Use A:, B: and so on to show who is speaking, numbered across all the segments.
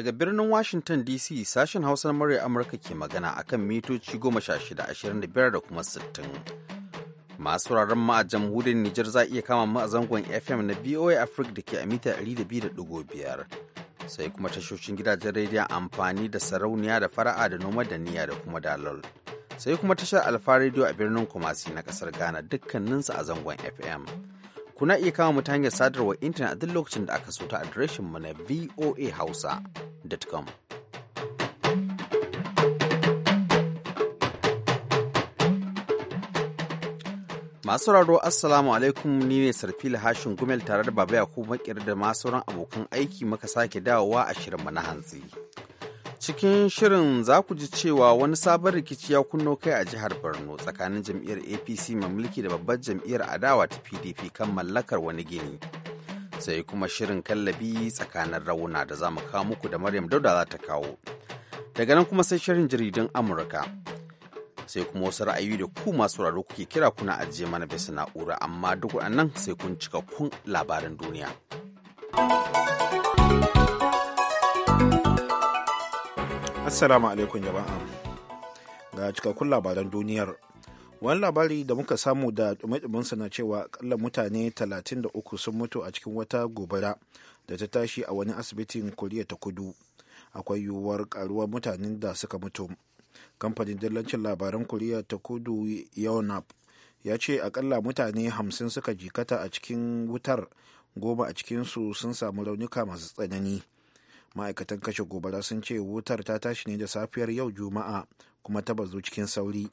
A: Daga birnin Washington DC sashen Hausa na murya Amurka ke magana akan mitoci 1625 da kuma 60. Masu wuraren ma a jamhuriyar Nijar za iya kama mu a zangon FM na VOA Africa da ke a mita 200.5. Sai kuma tashoshin gidajen rediyon amfani da sarauniya da fara'a da noma da niyya da kuma dalol. Sai kuma tashar Alfa rediyo a birnin Kumasi na kasar Ghana dukkaninsu a zangon FM. Kuna iya kama mu ta hanyar sadarwar intanet a duk lokacin da aka so ta adireshin mu na voahausa.com. Masu sauraro Assalamu alaikum ni ne Sarfila Hashin Gumel tare da Baba Yakubu Makir da masu sauran abokan aiki muka sake dawowa a shirin na hantsi. cikin shirin za ku ji cewa wani sabon rikici ya kunno kai a jihar borno tsakanin jam'iyyar apc mai mulki da babbar jam'iyyar adawa ta pdp kan mallakar wani gini sai kuma shirin kallabi tsakanin rauna da za mu kawo muku da maryam dauda za ta kawo daga nan kuma sai shirin jaridun amurka sai kuma wasu ra'ayi da ku masu raro kuke kira kuna ajiye mana bisa na'ura amma duk waɗannan sai kun cika kun labarin duniya.
B: Assalamu alaikum jama'a. Ga cikakkun labaran duniyar. Wani labari da muka samu da dumi na cewa kalla mutane 33 sun mutu a cikin wata gobara da ta tashi a wani asibitin Koriya ta kudu. Akwai yiwuwar karuwar mutanen da suka mutu. Kamfanin dillancin labaran Koriya ta kudu yonap ya ce akalla mutane 50 suka jikata a cikin wutar goma a cikinsu sun samu raunuka masu tsanani. ma'aikatan kashe gobara sun ce wutar ta tashi ne da safiyar yau juma'a kuma ta bazu cikin sauri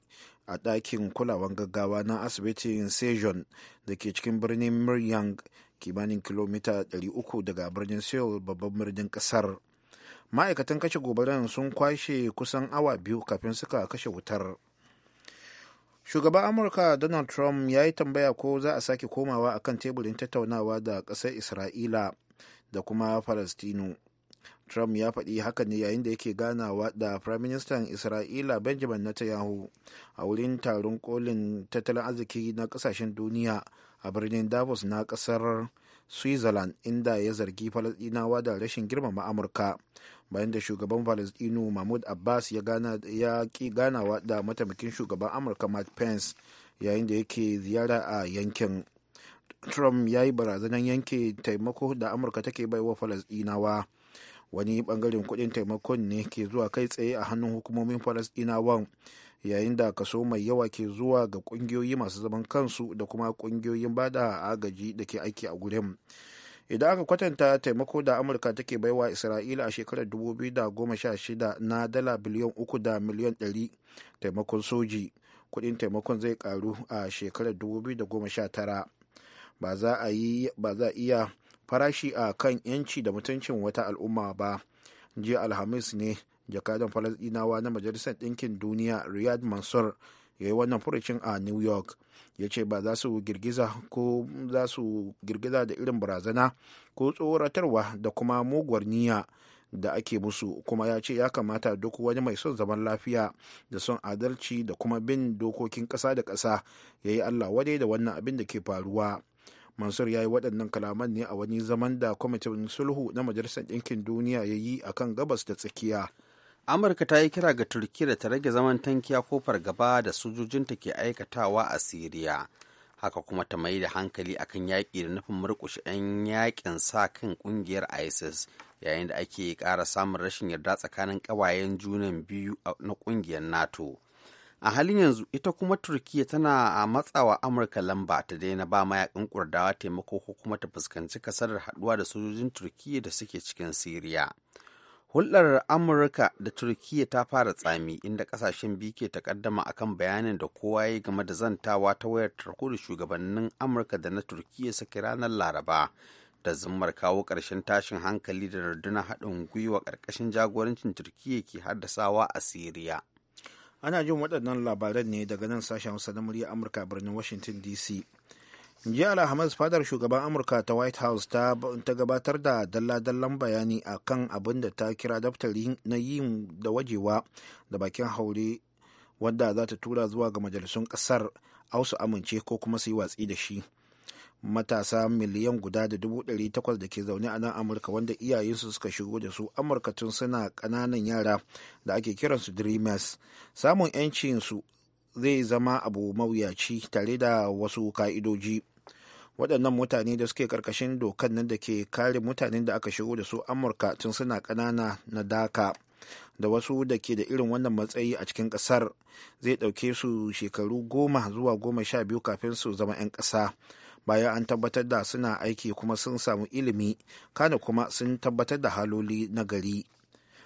B: a ɗakin kulawan gaggawa na asibitin sejon da ke cikin birnin miryang kimanin kilomita 300 daga birnin seoul babban birnin ƙasar ma'aikatan kashe gobaran sun kwashe kusan awa biyu kafin suka kashe wutar shugaban amurka donald trump ya yi tambaya ko za a sake komawa akan teburin tattaunawa da ƙasar isra'ila da kuma falastinu Trump ya faɗi haka ne yayin da yake ganawa da Prime Minister Isra'ila Benjamin Netanyahu a wurin taron kolin tattalin arziki na ƙasashen duniya a birnin Davos na ƙasar Switzerland inda ya zargi Falasɗinawa da rashin girmama Amurka bayan da shugaban Falasɗinu Mahmud Abbas ya ƙi ganawa da mataimakin shugaban Amurka Mike Pence yayin da yake ziyara a yankin. Trump ya yi barazanar yanke taimako da Amurka take baiwa Falasɗinawa. wani bangaren kudin taimakon ne ke zuwa kai tsaye a hannun hukumomin falasdinawan yayin da kaso mai yawa ke zuwa ga kungiyoyi masu zaman kansu da kuma kungiyoyin bada agaji da ke aiki a gurin idan aka kwatanta taimako da amurka take baiwa isra'ila a shekarar 2016 na dala biliyan 3 da miliyan 100 taimakon soji kudin taimakon zai karu a shekarar 2019 ba za a iya farashi a kan yanci da mutuncin wata al'umma ba jiya alhamis ne jakadan falasdinawa na majalisar ɗinkin duniya riyad mansur ya yi wannan furucin a new york ya ce ba za su girgiza ko za su girgiza da irin barazana ko tsoratarwa da kuma muguwar niyya da ake musu kuma ya ce ya kamata duk wani mai son zaman lafiya da son adalci da kuma bin dokokin ƙasa da ƙasa ya yi allah wadai da wannan abin da ke faruwa mansur ya yi waɗannan kalaman ne a wani zaman da kwamitin sulhu na majalisar ɗinkin duniya ya yi a kan gabas da tsakiya amurka ta yi kira ga turki da ta rage zaman tankiya
A: kofar gaba da sojojinta ke aikatawa a siriya haka kuma ta mai da hankali akan yaƙi da nufin murƙushe 'yan yaƙin sa kan ƙungiyar isis yayin da ake ƙara samun rashin yarda tsakanin ƙawayen junan biyu na ƙungiyar nato a halin yanzu ita kuma turkiya tana a matsawa amurka lamba ta daina ba mayakan kurdawa taimako ko kuma ta fuskanci kasarar haduwa da sojojin turkiya da suke cikin siriya hulɗar amurka da turkiya ta fara tsami inda kasashen biyu ke takaddama akan bayanin da kowa ya game da zantawa ta wayar tarko da shugabannin amurka da na turkiya suke ranar laraba da zummar kawo ƙarshen tashin hankali da rundunar haɗin gwiwa ƙarƙashin
B: jagorancin
A: turkiya ke haddasawa a siriya
B: ana jin waɗannan labaran ne daga nan sashen hausa na murya amurka birnin washington dc jiya alhamis fadar shugaban amurka ta white house ta, gabatar da dalla-dallan bayani a kan abin da ta kira daftari na yin da wajewa da bakin haure wadda za ta tura zuwa ga majalisun kasar wasu amince ko kuma su yi watsi da shi matasa miliyan guda da dubu ɗari takwas da ke zaune a nan amurka wanda iyayensu suka shigo da su amurka tun suna ƙananan yara da ake kiransu dreamers samun 'yancinsu zai zama abu mawuyaci tare da wasu ka'idoji waɗannan mutane da suke ƙarƙashin dokan nan da ke kare mutanen da aka shigo da su amurka tun suna ƙanana na daka da wasu da ke da irin wannan matsayi a cikin ƙasar zai ɗauke su shekaru goma zuwa goma sha biyu kafin su zama 'yan ƙasa bayan an tabbatar da suna aiki kuma sun samu ilimi kana kuma sun tabbatar da haloli na gari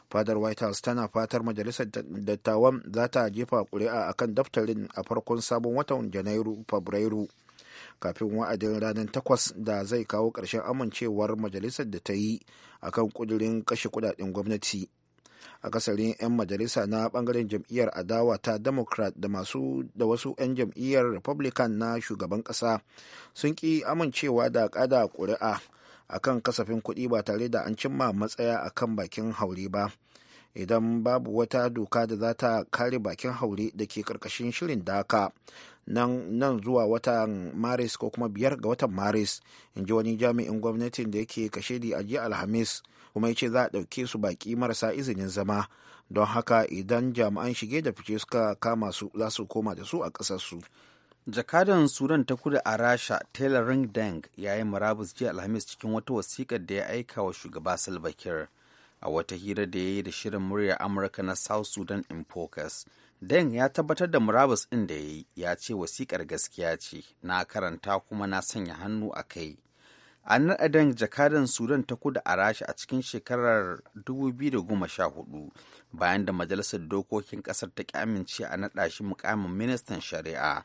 B: fadar white house tana fatar majalisar dattawan za ta jefa kuri'a akan daftarin a farkon sabon watan janairu fabrairu kafin wa'adin ranar takwas da zai kawo ƙarshen amincewar majalisar da ta yi akan kudurin kashe kudaden gwamnati a akasarin 'yan majalisa na bangaren jam'iyyar adawa ta democrat da masu da wasu 'yan jam'iyyar republican na shugaban kasa sun ki amincewa da kada a kan kasafin kuɗi ba tare da an cimma matsaya a kan bakin haure ba idan babu wata doka da za ta kare bakin haure da ke karkashin shirin daka nan, nan zuwa watan maris ko kuma biyar ga watan maris in ji wani jami'in gwamnatin da yake kashedi a jiya alhamis kuma ya ce za a ɗauke su baƙi marasa izinin zama don haka idan jami'an shige da fice suka kama su za su koma da su a ƙasarsu. jakadan sudan ta kudu a rasha taylor ring
A: deng ya yi murabus jiya alhamis cikin wata wasiƙar da ya aika wa shugaba salva kiir a wata hira da ya yi da shirin muryar amurka na south sudan in focus deng ya tabbatar da murabus ɗin da ya yi ya ce wasiƙar gaskiya ce na karanta kuma na sanya hannu a kai an naɗa dan jakadan sudan ta kudu a rasha a cikin shekarar 2014 bayan da majalisar dokokin ƙasar ta amince a naɗa shi mukamin ministan shari'a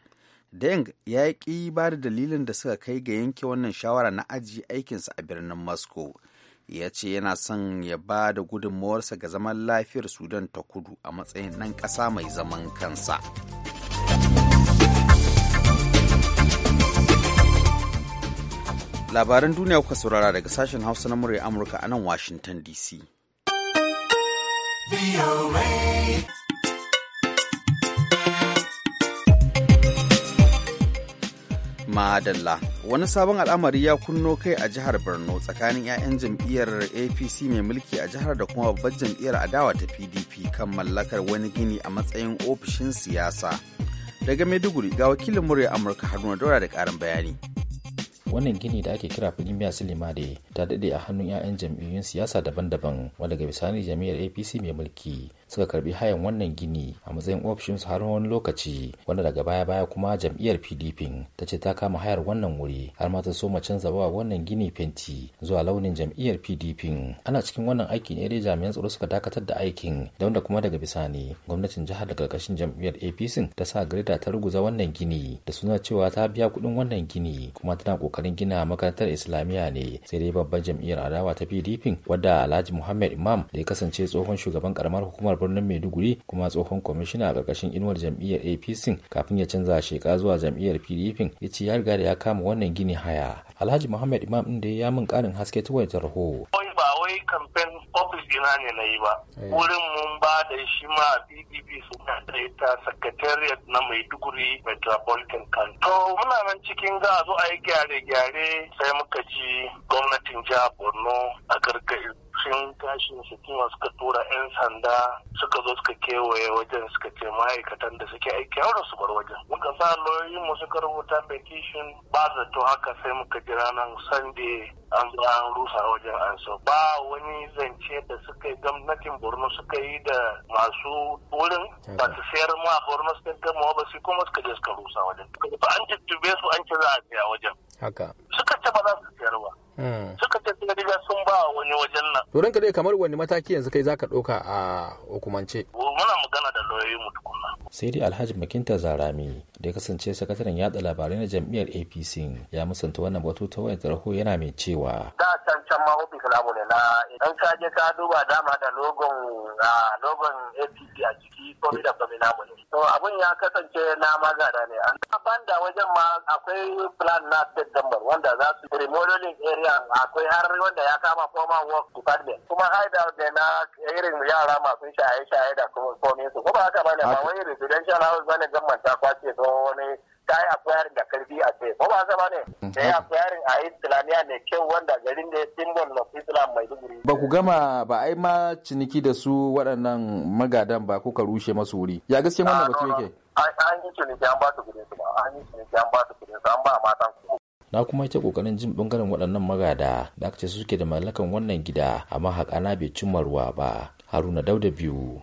A: deng ya ƙi ba da dalilin da suka kai ga yanke wannan shawara na ajiye aikinsa a birnin moscow ya ce yana son ya ba da gudunmawarsa ga zaman lafiyar sudan ta kudu a matsayin ɗan ƙasa mai zaman kansa. labaran duniya kuka saurara daga sashen hausa na murya amurka a nan washington dc madalla wani sabon al'amari ya kunno kai a jihar borno tsakanin 'ya'yan jam'iyyar apc mai mulki a jihar da kuma babbar jam'iyyar adawa ta pdp kan mallakar wani gini a matsayin ofishin siyasa daga maiduguri ga wakilin murya amurka haruna daura da karin bayani
C: wannan gini da ake kira silima da ta daɗe a hannun 'ya'yan jam'iyyun siyasa daban-daban wanda ga bisani jam'iyyar apc mai mulki suka karbi hayan wannan gini a matsayin ofishin su har wani lokaci wanda daga baya baya kuma jam'iyyar pdp ta ce ta kama hayar wannan wuri har ma ta so mu canza wa wannan gini fenti zuwa launin jam'iyyar pdp ana cikin wannan aiki ne dai jami'an tsaro suka dakatar da aikin da wanda kuma daga bisani gwamnatin jihar da karkashin jam'iyyar apc ta sa greda ta ruguza wannan gini da suna cewa ta biya kuɗin wannan gini kuma tana kokarin gina makarantar islamiyya ne sai dai babban jam'iyyar adawa ta pdp wadda alhaji muhammad imam da ya kasance tsohon shugaban karamar hukumar jihar birnin maiduguri kuma tsohon kwamishina a ƙarƙashin inuwar jam'iyyar apc kafin ya canza sheka zuwa jam'iyyar pdp ya ce ya riga da ya kama wannan gini haya alhaji muhammad imam din da ya mun ƙarin haske ta wani tarho. ba wai
D: kamfen ofis ina ne na yi ba eh. wurin mun ba da shi ma pdp suna da ita secretariat na maiduguri metropolitan council to muna nan cikin ga zo a yi gyare-gyare sai muka ji gwamnatin jihar borno a gargaɗi sun tashi da sitima suka tura 'yan sanda suka zo suka kewaye wajen suka ce ma'aikatan da suke aiki aure su bar wajen muka sa lauyoyin mu suka rubuta petition ba zato haka sai muka jira nan sande an zo an rusa wajen an so ba wani zance da suka yi gwamnatin borno suka yi da masu wurin ba su sayar ma a borno suka gama ba su kuma suka je suka rusa wajen an tube su an ce za a siya wajen haka suka ce ba za su sayar ba
C: suka ce riga sun ba wani wajen nan to dai kamar wani mataki yanzu kai za ka ɗauka a hukumance muna lauyoyin Sai dai Alhaji Makinta Zarami da ya kasance sakataren yada labarai na jam'iyyar APC ya musanta wannan batu ta wayar tarho yana mai cewa. Da
B: can can ma ofis ne na idan ka je ka duba dama da logon logon APC a ciki komai da komai namu ne. To abun
E: ya kasance na magana ne. Amma banda wajen ma akwai plan na state wanda za su remodeling area akwai har wanda ya kama former work department kuma haidar da
D: na irin yara masu shaye-shaye da komai su kuma haka bane ba wani residential house bane gamman ta kwace ko wani ta yi akwayarin da karfi a ce ko ba haka bane mhm. ta yi akwayarin
E: a islamiyya ne kyau wanda garin da ya simbol of islam mai duguri ba
C: ku gama ba ai ma ciniki da su waɗannan magadan ba kuka rushe masu wuri ya gaske wannan ah, batu yake
E: an yi ciniki an ba su kudin su ba an yi ciniki an ba su kudin su an ba matan su
C: na kuma ita kokarin jin bangaren waɗannan magada da aka ce suke da mallakan wannan gida amma haƙana bai cimma ruwa ba haruna dauda biyu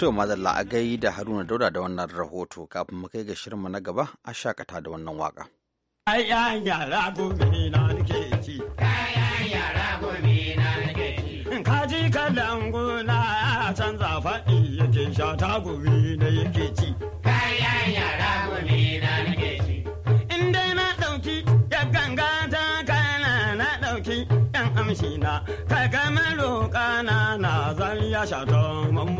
A: To ma a gai da Haruna Dauda da wannan rahoto kafin mu kai ga mu na gaba a shakata da wannan waka.
E: Kayan yara gobe na nake ci. Kayan yara gobe na nake ci. Kaji gona canza faɗi yake sha ta gobe na yake ci. Kayan yara gobe na nake ci. In dai na ɗauki ya ganga ta kana na ɗauki yan amshi na. Kaga maro na zan ya sha ta mamu.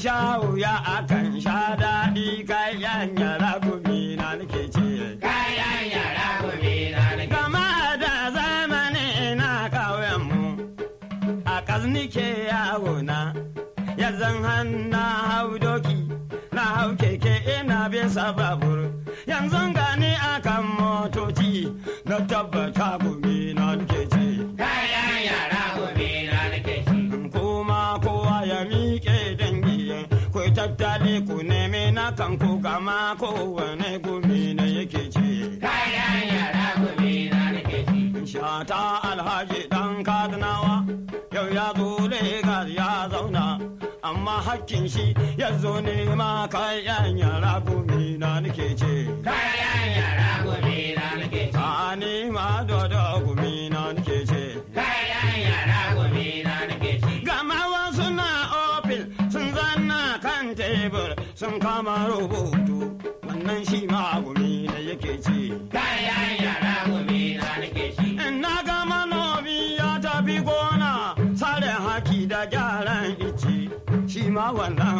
E: sha wuya akan sha daɗi kayan yara gobe na nake ce. Kayan yara gobe na nake. Gama da zamani na mu a ƙaznike yawona na yanzan hannu hau doki na hau keke ina bisa babur yanzu gani akan motoci na tabbata gobe na kan ko gama ko wane gumi na yake ce. Kayan yara gumi na nake ci. Shata alhaji dan kadinawa yau ya zo Legas ya zauna amma hakkin shi ya zo nema kayan yara gumi na nake ce.
C: Kayan yara gumi na
E: nake ci. Ani ma dodo gumi na kama rubutu wannan shi ma gumi da yake ci. Kayan yara gumi na nake shi. Na ga manomi ya tafi gona sare haki da gyaran ici shi ma wannan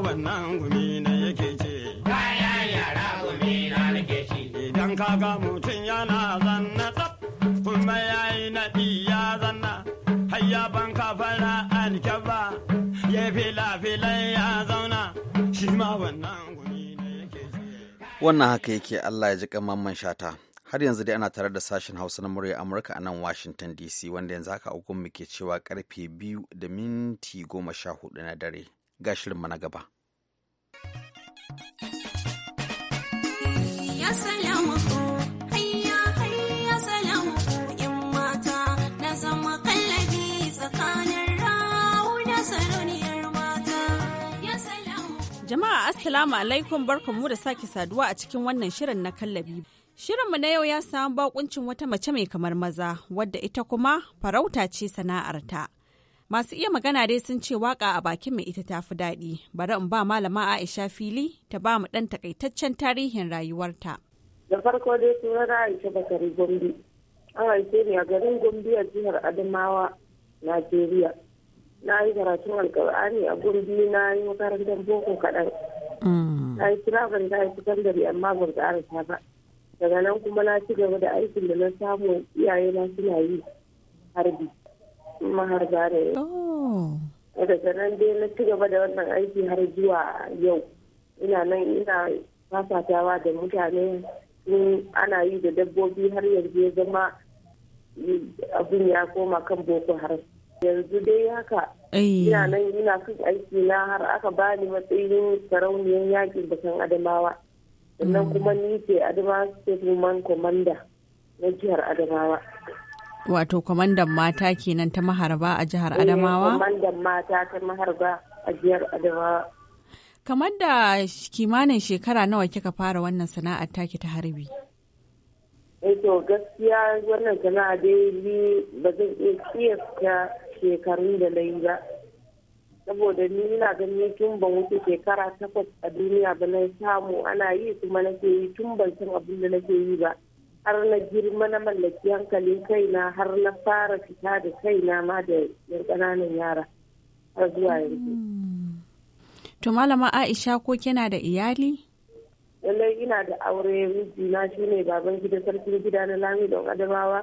E: wannan gumi ne yake ce. Kaya yara gumi na nake ci. Idan ka ga mutum yana zanna tsaf kuma ya yi naɗi ya zanna. Har ya banka fara alkyaba ya fila-filai ya zauna shi ma wannan gumi ne
A: yake ce. Wannan haka yake Allah ya ji kamamman shata. har yanzu dai ana tare da sashen hausa na murya amurka a nan washington dc wanda yanzu haka agun muke cewa karfe biyu da minti goma sha hudu na dare ga shirinmu na gaba.
F: Jama'a Assalamu alaikum barkanmu da sake saduwa a cikin wannan shirin na kallabi. Shirinmu na yau ya samu bakuncin wata mace mai kamar maza wadda ita kuma farauta ce sana'arta. Masu iya magana dai sun ce waka a bakin mai ita tafi daɗi. Bari in ba malama Aisha fili ta ba mu ɗan takaitaccen tarihin rayuwarta.
D: Da farko dai na Aisha Bakari Gombe. An haife ni a garin Gombe a jihar Adamawa, Najeriya. Na yi karatun alƙur'ani a Gombe na yi makarantar boko kaɗan.
A: Mm. Na
D: yi kiraban da yi amma ban ƙarasa ba. Daga nan kuma na ci gaba da aikin da na samu iyayena suna yi harbi. maharba da yau
F: oh.
D: daga nan dai na ci gaba da wannan aiki har zuwa yau ina nan ina fasatawa da mutane ana yi da dabbobi har yanzu ya zama abin ya koma kan boko har yanzu dai haka ina nan ina kan aiki na har aka bani matsayin sarauniyar yakin bakan adamawa sannan mm. kuma ni ce adamawa state woman commander na jihar adamawa
F: wato kwamandan mata kenan eh, ta maharba a jihar Adamawa? Kamar da kimanin shekara nawa kika fara wannan sana'ar taki ta harbi?
D: Eh, to gaskiya wannan sana'a dai ni ba zan iya kiyasta shekarun da na yi ba. Saboda ni ina ganin tun ban wuce shekara takwas a duniya ba na samu ana yi kuma nake yi tun ban san abin da nake yi ba. har na girma na mallaki hankalin kaina har na fara fita da kaina ma da yan ƙananan yara har zuwa yanzu. Hmm.
F: To malama Aisha ko kina da iyali?
D: Lallai ina da aure mijina shi ne baban gida sarkin gida na lami don adamawa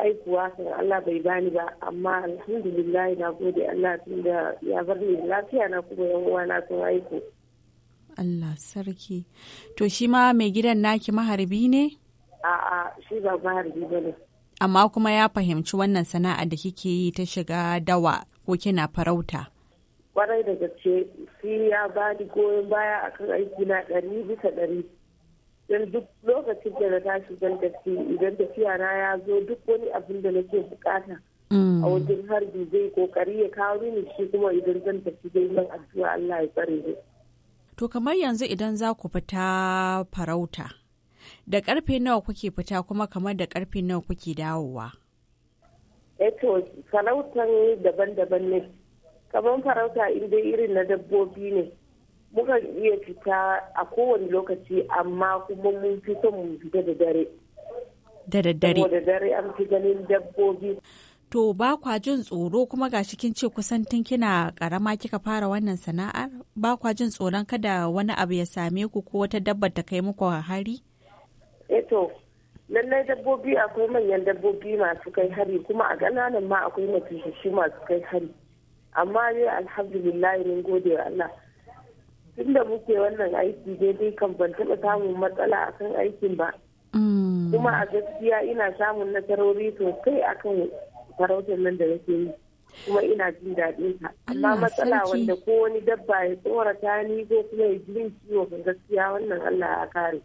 D: aikuwa san Allah bai bani ba amma alhamdulillah na gode Allah tun da ya bar ni lafiya na kuma yan uwa na sun aiko.
F: Allah sarki. To shi ma mai gidan naki maharbi ne?
D: A'a shi ba maharbi ba ne.
F: Amma kuma ya fahimci wannan sana'a da kike yi ta shiga dawa ko kina farauta.
D: Kwarai da gaske shi ya ba ni goyon baya akan aiki na ɗari bisa ɗari. Don duk lokacin da na tashi zan tafi idan tafiya na ya zo duk wani abin da nake bukata.
F: Mm. a wajen
D: harbi zai kokari ya kawo mini shi kuma idan zan tafi zai yi addu'a Allah ya tsare ni.
F: To kamar yanzu idan za ku fita farauta da karfe nawa kuke fita kuma kamar da karfe nawa kuke dawowa
D: eto eh farautan daban-daban ne kamar farauta inda irin na dabbobi ne mukan iya fita a kowane lokaci amma kuma mun fi son mu fita da dare da daddare da dare an fi ganin dabbobi
F: to ba kwa jin tsoro kuma ga kin ce kusan tun kina karama kika fara wannan sana'ar ba kwa jin tsoron kada wani abu ya same ku ko wata dabba ta kai muku hari
D: eto eh, lallai dabbobi akwai manyan dabbobi masu kai hari kuma a ƙananan ma akwai matushishu masu kai hari amma ne alhamdulillah mun gode wa Allah tun da muke wannan aiki daidai kan ban taɓa samun matsala akan aikin ba
F: mm.
E: kuma a
D: gaskiya ina samun nasarori sosai akan farautar nan da nake yi kuma ina jin daɗin ta amma matsala wanda ko wani dabba ya tsorata ni ko kuma ya ji ciwo ga gaskiya wannan Allah ya kare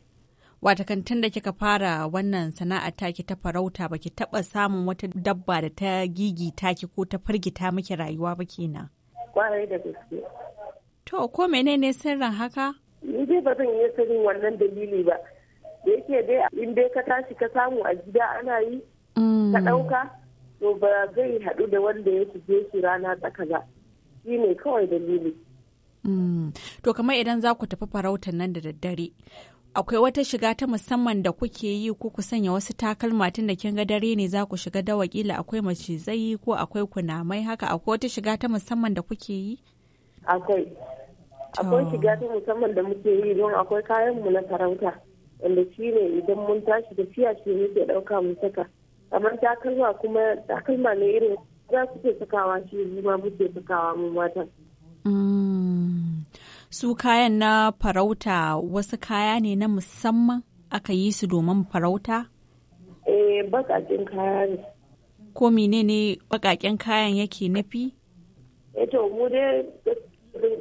F: watakan tun da kika fara wannan sana'a taki ta farauta ba ki taba samun wata dabba da ta gigi taki ko ta firgita miki rayuwa ba kenan
D: kwarai da gaske
F: to ko menene sirrin
D: haka ni dai ba zan iya sanin wannan dalili ba da yake dai in dai ka tashi ka samu a gida ana yi
F: mm. ka ɗauka
D: to ba zai haɗu da wanda ya je shi rana tsaka ba shi ne kawai dalili
F: mm. to kamar idan za ku tafi farautar nan da daddare akwai wata shiga ta musamman da kuke yi ko ku sanya wasu takalma tun da kin ga dare ne za ku shiga da wakila akwai macizai ko akwai kunamai haka akwai wata shiga ta musamman da kuke yi?
D: Akwai. Akwai shiga ta musamman da muke yi don akwai kayan mu na sarauta wanda shi ne idan mun tashi tafiya shi muke ɗauka mu saka. Kamar takalma kuma takalma ne irin za su ke sakawa shi ma muke sakawa mu matan.
F: Mm. su kayan na farauta wasu kaya ne na musamman aka yi su domin farauta? Eh, bakakin kaya ne. Ko ne bakakin kayan yake nufi?
D: Eh to mu dai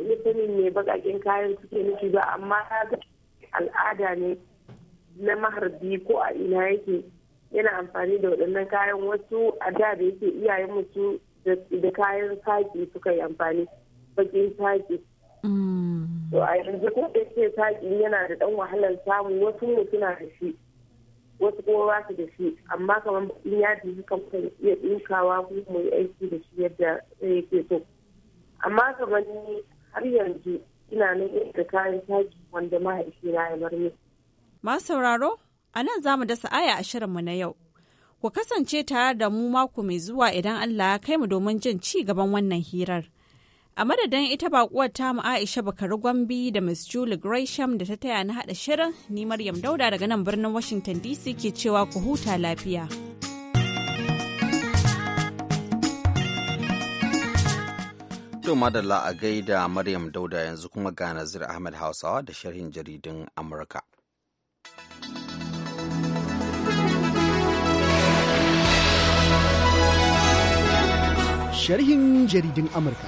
D: mutumin ne bakakin kayan suke nufi ba amma al'ada ne na maharbi ko a ina yake yana amfani da waɗannan kayan wasu a da da yake iyayen mutu da kayan saki suka yi amfani bakin saki
F: Mm. to a
D: yanzu ko da ke taƙi yana da ɗan wahalar samu wasu ne suna da shi wasu kuma ba su da shi amma kamar in ya ji kan iya ɗinkawa ko kuma yi aiki da shi yadda ke so amma kamar ni har yanzu ina nan da kayan taƙi wanda mahaifina ya bar ni.
F: Ma sauraro a nan za mu dasa aya a shirin mu na yau. Ku kasance tare da mu mako mai zuwa idan Allah ya kai mu domin jin ci gaban wannan hirar. A madadin ita bakuwar mu Aisha Bakari Gwambi da Miss Julie Gresham da ta taya na haɗa shirin, ni Maryam Dauda daga nan birnin Washington DC ke cewa ku huta lafiya.
A: to madalla a gaida Maryam Dauda yanzu kuma ga Nazir Ahmed Hausawa da sharhin jaridun Amurka.
G: sharhin jaridin Amurka.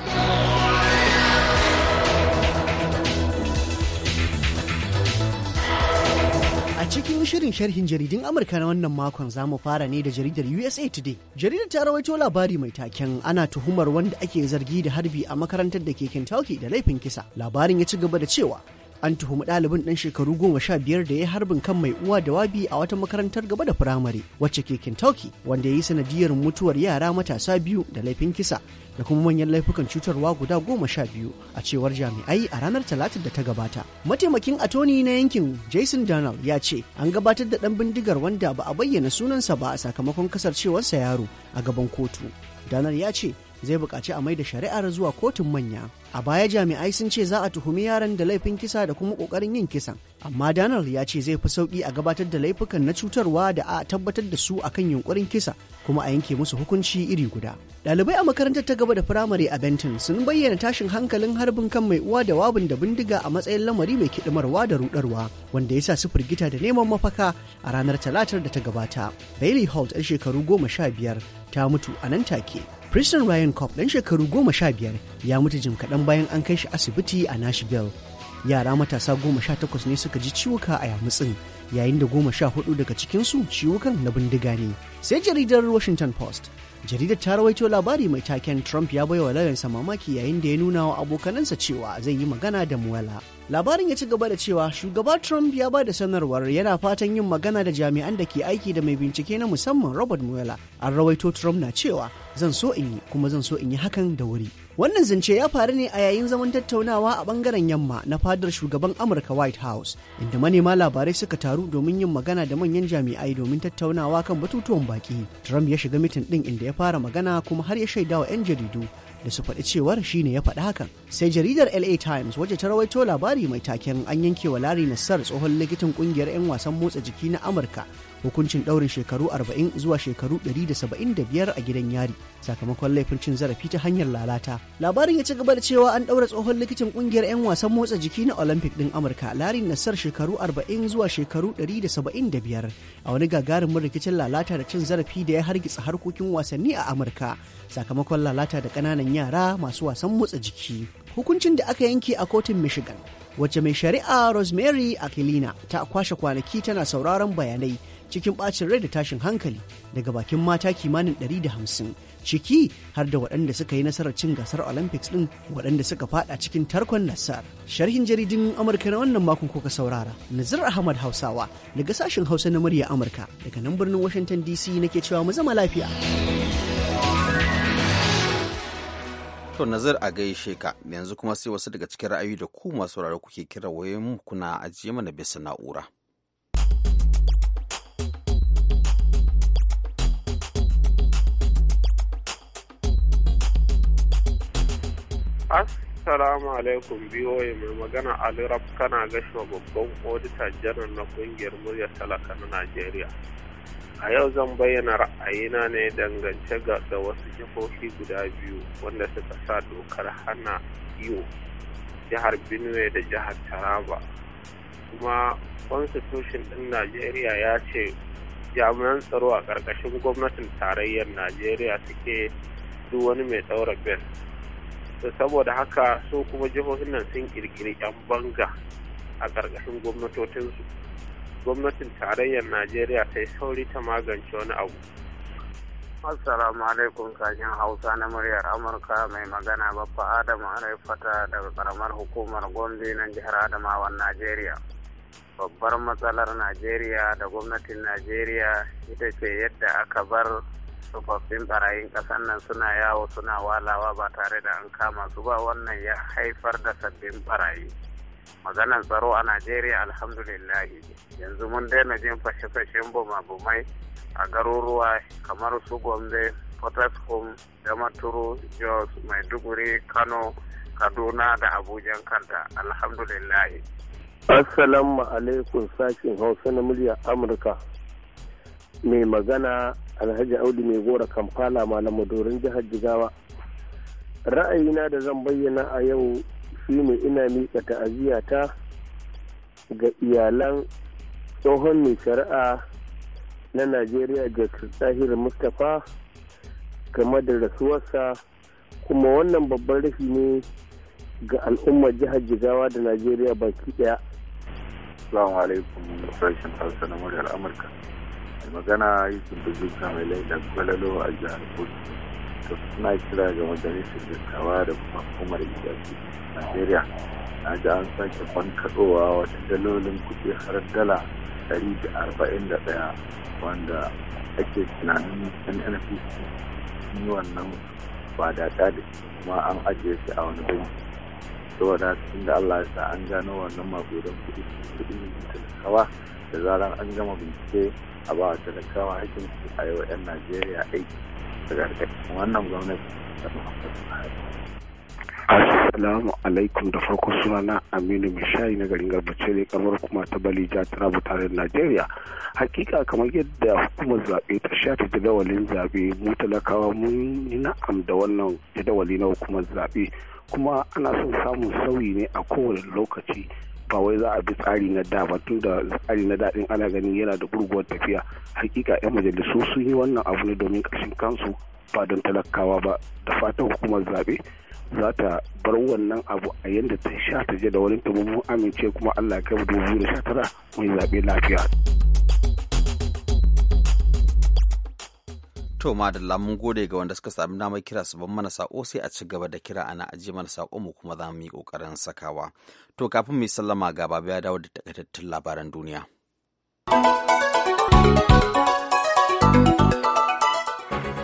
G: A cikin shirin sharhin jaridun Amurka na wannan makon za mu fara ne da jaridar USA Today. Jaridar ta rawaito labari mai taken ana tuhumar wanda ake zargi da harbi a makarantar da ke Kentucky da laifin kisa. Labarin ya ci gaba da cewa an tuhumi ɗalibin ɗan shekaru goma sha biyar da ya harbin kan mai uwa da wabi a wata makarantar gaba da firamare wacce ke Kentucky wanda ya yi sanadiyar mutuwar yara matasa biyu da laifin kisa da kuma manyan laifukan cutarwa guda goma sha biyu a cewar jami'ai a ranar talatin da ta gabata. Mataimakin atoni na yankin Jason Donald ya ce an gabatar da ɗan bindigar wanda ba a bayyana sunansa ba a sakamakon kasarcewarsa yaro a gaban kotu. Donald ya ce zai buƙaci a maida shari'ar zuwa kotun manya a baya jami'ai sun ce za a tuhumi yaran da laifin kisa da kuma ƙoƙarin yin kisan amma danal ya ce zai fi sauki a gabatar da laifukan na cutarwa da a tabbatar da su akan yunkurin kisa kuma a yanke musu hukunci iri guda ɗalibai a makarantar ta gaba da firamare a benton sun bayyana tashin hankalin harbin kan mai uwa da wabin da bindiga a matsayin lamari mai kiɗimarwa da rudarwa wanda ya sa su firgita da neman mafaka a ranar talatar da ta gabata bailey holt 'yar shekaru goma sha biyar ta mutu a nan take Preston Ryan Cobb dan shekaru goma sha biyar ya mutu jim kaɗan bayan an kai shi asibiti a Nashville. Yara matasa goma sha takwas ne suka ji ciwuka a yamutsin yayin da goma sha hudu daga cikinsu ciwukan na bindiga ne sai jaridar washington post jaridar ta rawaito labari mai taken trump ya baiwa lauyansa mamaki yayin da ya nuna wa abokanansa cewa zai yi magana da muwala labarin ya ci gaba da cewa shugaba trump ya ba da sanarwar yana fatan yin magana da jami'an da ke aiki da mai bincike na musamman robert muwala an rawaito trump na cewa zan so in yi kuma zan so in yi hakan da wuri Wannan zance ya faru ne a yayin zaman tattaunawa a bangaren yamma na fadar shugaban Amurka White House, inda manema labarai suka taru domin yin magana da manyan jami'ai domin tattaunawa kan batutuwan baki. Trump ya shiga mitin ɗin inda ya fara magana kuma har ya shaidawa 'yan jaridu da su faɗi cewar shi ne ya faɗi hakan. Sai jaridar LA Times wacce ta rawaito labari mai taken an yanke wa Larry Nassar tsohon likitan ƙungiyar 'yan wasan motsa jiki na Amurka hukuncin ɗaurin shekaru 40 zuwa shekaru 175 a gidan yari sakamakon laifin cin zarafi ta hanyar lalata. Labarin ya ci gaba da cewa an ɗaura tsohon likitan ƙungiyar 'yan wasan motsa jiki na Olympic ɗin Amurka Larry nasar shekaru 40 zuwa shekaru 175 a wani gagarumin rikicin lalata da cin zarafi da ya hargitsa harkokin wasanni a Amurka sakamakon lalata da ƙananan yara masu wasan motsa jiki. Hukuncin da aka yanke a kotun Michigan wacce mai shari'a Rosemary Aquilina ta kwashe kwanaki tana sauraron bayanai cikin bacin rai da tashin hankali daga bakin mata kimanin 150 ciki har da waɗanda suka yi nasarar cin gasar olympics ɗin waɗanda suka fada cikin tarkon nasar sharhin jaridin amurka na wannan makon kuka saurara nazir ahmad hausawa daga sashen hausa na murya amurka daga nan birnin washington dc nake cewa mu zama lafiya
A: To nazar a gaishe ka yanzu kuma sai wasu daga cikin ra'ayi da ku masu kuke kira wayoyin kuna ajiye mana bisa na'ura.
B: Assalamu alaikum biyoyi mai magana Ali Rab kana gashuwa babban odita janar na kungiyar murya talaka na Najeriya. A yau zan bayyana ra'ayina ne dangance ga da wasu jihohi guda biyu wanda suka sa dokar hana iyo jihar Benue da jihar Taraba. Kuma constitution ɗin Najeriya ya ce jami'an tsaro a ƙarƙashin gwamnatin tarayyar Najeriya suke duk wani mai tsaura bel saboda haka su kuma jihohin nan sun kirkiri 'yan banga a ƙarƙashin gwamnatocinsu gwamnatin tarayyar najeriya ta yi sauri ta magance wani abu assalamu alaikum kajin hausa na muryar amurka mai magana bafa adamu fata daga karamar hukumar gombe na jihar adamawan najeriya babbar matsalar najeriya da gwamnatin najeriya ita ce yadda aka bar tsofaffin barayin ƙasar nan suna yawo suna walawa ba tare da an kama su ba wannan ya haifar da sabbin barayi maganar tsaro a najeriya alhamdulillahi yanzu mun daina jin fashe-fashen bumabumai a garuruwa kamar su gombe da damaturu
D: jos maiduguri kano kaduna da abujan kanta alhamdulillahi assalamu alaikum sashin hausa na murya amurka mai magana alhaji audu mai gora kamfala malam madorin jihar jigawa ra'ayina da zan bayyana a yau shine ina miƙa ta ga iyalan tsohon mai shari'a na najeriya jakar tsahir mustapha game da rasuwarsa kuma wannan babban rashi ne ga al'ummar jihar jigawa da najeriya baki daya. Assalamu alaikum sashen na muryar amurka
C: magana yusuf da zuka mai laidar kwalalo a jihar kudu to suna kira ga majalisar dattawa da kuma hukumar gidaje nigeria na ji an sake bankaɗowa wata dalolin kuɗi har dala ɗaya wanda ake tunanin nnpc sun yi wannan ba da da kuma an ajiye shi a wani banki saboda tun da allah ya sa an gano wannan maƙudan kuɗi kuɗi talakawa da zarar an gama bincike a ba wa talakawa aikin su a yau 'yan najeriya aiki daga ƙarƙashin wannan gwamnati da
B: Assalamu alaikum da farko na Aminu Mishayi na garin Garbace ne kamar kuma ta Balija tana tare Najeriya. Hakika kamar yadda hukumar zaɓe ta shata jadawalin zaɓe mu talakawa mun yi na'am da wannan jadawali na hukumar zaɓe kuma ana son samun sauyi ne a kowane lokaci ba wai za a bi tsari na da ba tun da tsari na daɗin ana gani yana da gurguwar tafiya hakika 'yan majalisu sun yi wannan abu ne domin ƙashin kansu ba don talakawa ba da fatan hukumar zaɓe za ta bar wannan abu a yadda ta sha ta je da wani tumumin amince kuma allah kai mu dubu da sha tara mai zaɓe lafiya.
A: To da lamun gode ga wanda suka sami damar kira su ban mana sako sai a ci gaba da kira ana ajiye mana sako mu kuma za mu yi kokarin sakawa. To kafin mu yi sallama ga babu ya dawo da takaitattun labaran duniya.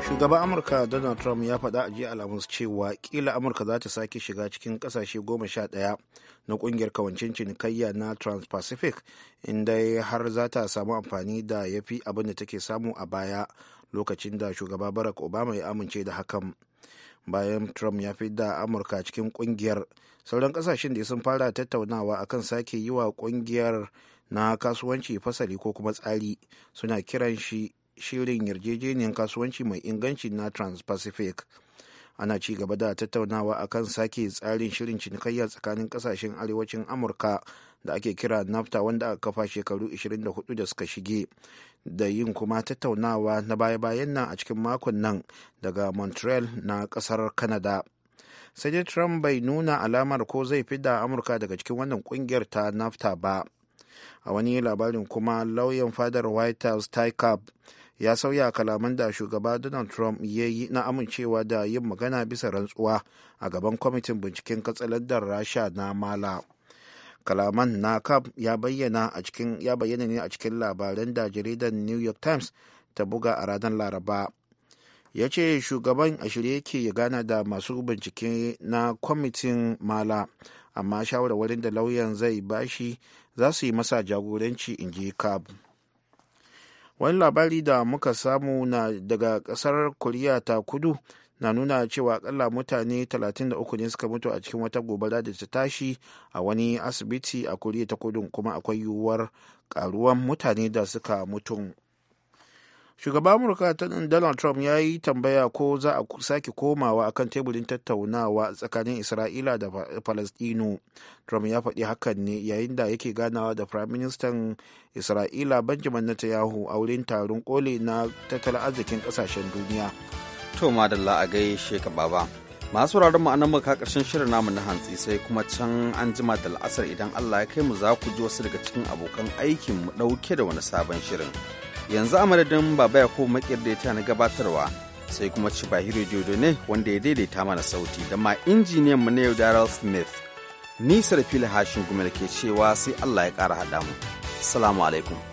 B: Shugaban Amurka Donald Trump ya faɗa a jiya Alhamis cewa kila Amurka za ta sake shiga cikin ƙasashe goma sha ɗaya na ƙungiyar kawancin cinikayya na Trans-Pacific inda har za ta samu amfani da ya fi abin da take samu a baya lokacin da shugaba barack obama ya amince da hakan bayan trump ya fi da amurka cikin kungiyar sauran kasashen da sun fara tattaunawa akan sake yi wa kungiyar na kasuwanci fasali ko kuma tsari suna kiran shi shirin yarjejeniyar kasuwanci mai inganci na trans ana ci gaba da tattaunawa akan sake tsarin shirin cinikayya tsakanin kasashen arewacin amurka da ake kira nafta wanda aka kafa shekaru 24 da suka shige da yin kuma tattaunawa na baya-bayan nan a cikin makon nan daga montreal na kasar canada sai dai trump bai nuna alamar ko zai fi da amurka daga cikin wannan kungiyar ta nafta ba a wani labarin kuma lauyan fadar white house ty cobb ya sauya kalaman da shugaba donald trump ya yi na amincewa da yin magana bisa rantsuwa a gaban kwamitin binciken da rasha na mala kalaman na cap ya bayyana ne a cikin labaran da jaridar new york times ta buga a ranar laraba ya ce shugaban a shirye yake ya gana da masu bincike na kwamitin mala amma shawarwarin da lauyan zai bashi za su yi masa jagoranci in ji cab wani labari da muka samu na daga kasar koriya ta kudu na nuna cewa akalla mutane 33 ne suka mutu a cikin wata gobara da ta tashi a wani asibiti a kuriya ta kudu kuma akwai yiwuwar karuwan mutane da suka mutu shugaban amurka donald trump ya yi tambaya ko za a sake komawa akan teburin tattaunawa tsakanin isra'ila da palestino trump ya faɗi hakan ne yayin da yake ganawa da prime minister isra'ila benjamin netanyahu a wurin taron koli na tattalin arzikin ƙasashen duniya
A: To madalla a gaishe ka baba. Masu mu a nan muka karshen shirin namu na hantsi sai kuma can an jima da la'asar idan Allah ya kai mu za ku ji wasu daga cikin abokan aikin mu ɗauke da wani sabon shirin. Yanzu a madadin baba ya ko makir na gabatarwa sai kuma ci bahiro jodo ne wanda ya daidaita mana sauti da ma injiniyan mu na yau Daryl Smith. Nisar fili hashin gumel ke cewa sai Allah ya kara haɗa mu. Salamu alaikum.